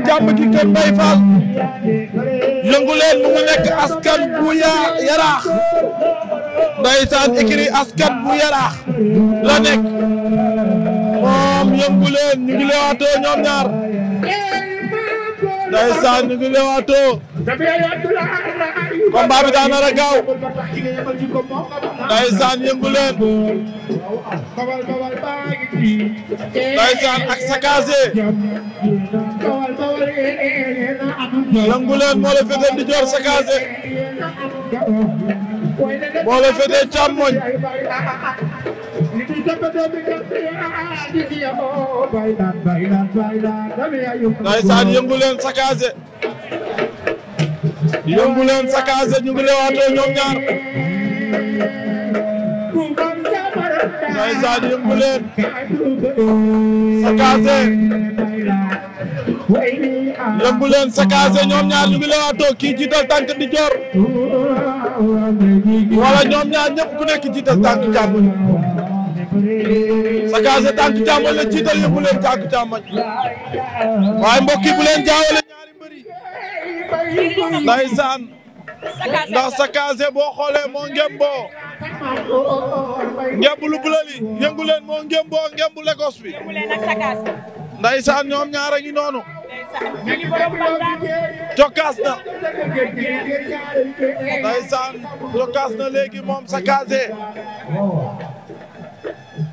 biir jàmm ji kër Mbaye Fall mu ngi nekk askan bu yaa yaraax ndeysaan ikiri askan bu yaraax la nekk moom yëngu ñu ngi leewaatoo ñoom ñaar ndeysaan ñu ngi lewaatoo combat bi a yëngu leen ndeysaan ak sakaase joor sakaase moo la féetee càmmoñ ndaysaan yëngu leen sakaase yëngu leen sakaase ñu ngi leewaatoo ñoom ñaar ndaysaan yëngu leen sakaase yëmbu leen sakaase ñoom ñaar ñu ngi lewaatoo kii jiital tànk di joor ñoom ñaar ñëpp ku nekk jiital tànk càmmoñ sakaase tànk càmmoñ la jiital yëmbu leen tànk càmmoñ waaye mbokk yi bu leen jaawale ñaari mbëri ndaysaan ndax sakaase boo xoolee moo ngemboo ngemb lu bulali yëngu leen moo ngemboo ngemb Lagos bi ndaysaan ñoom ñaar a ngi noonu Jokaas na ndeysaan Jokaas na léegi moom Sakaase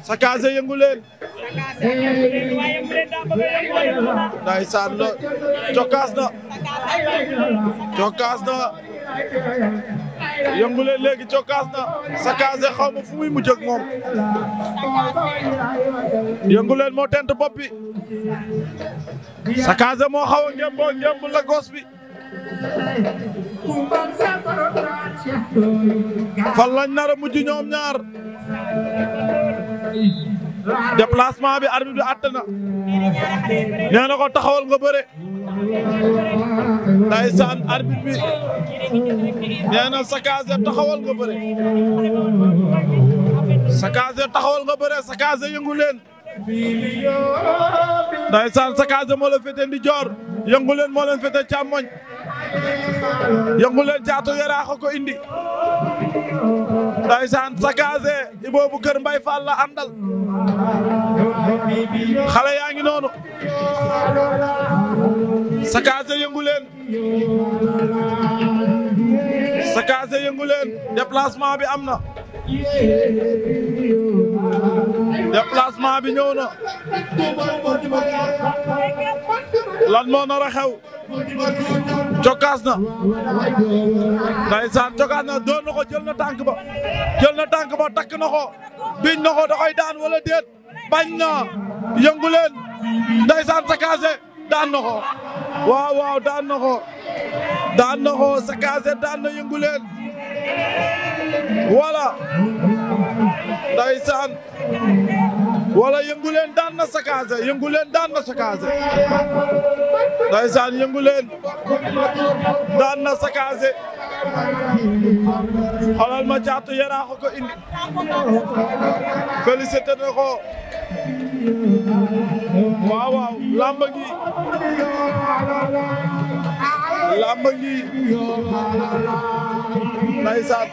Sakaase yëngu leen ndeysaan la Jokaas na Jokaas na yëngu leen léegi cokkaas na Sakaase xaw ma fu muy mujj ak moom yëngu leen moo tent bopp Sakaase moo xaw a ngem boo Lagos bi fan lañ nar a mujj ñoom ñaar déplacement bi arbitre bi àtt na nee ko taxawal nga bëre ndaysaan arbitre bi nee na Sakaase taxawal nga bëre Sakaase taxawal nga bëre Sakaase yëngu leen ndaysaan Sakaase moo leen fete ndi joor yëngu leen moo fete càmmoñ yëngu leen caatu yaraax ko indi ndaysaan Sakaase iboobu kër Mbay Fall la àndal yaa ngi noonu Sakaase yëngu leen Sakaase yëngu leen bi am na déplacement bi ñëw na lan moo nar a xew cokkaas na ndeysaan na doon na jël na tànk ba jël na tànk ba takk na ko biñ na ko da daan wala déet bañ na yëngu leen ndeysaan Sakaase daan na ko waaw waaw daan na ko daan na ko Sakaase daan na yëngu leen wala ndeysaan wala yëngu yëngu leen daan na Sakaase ndeysaan yëngu leen daan na Sakaase xolal ma caatu yaraaxu ko indi félicité na ko waaw waaw làmb gi làmb gi ndeysaan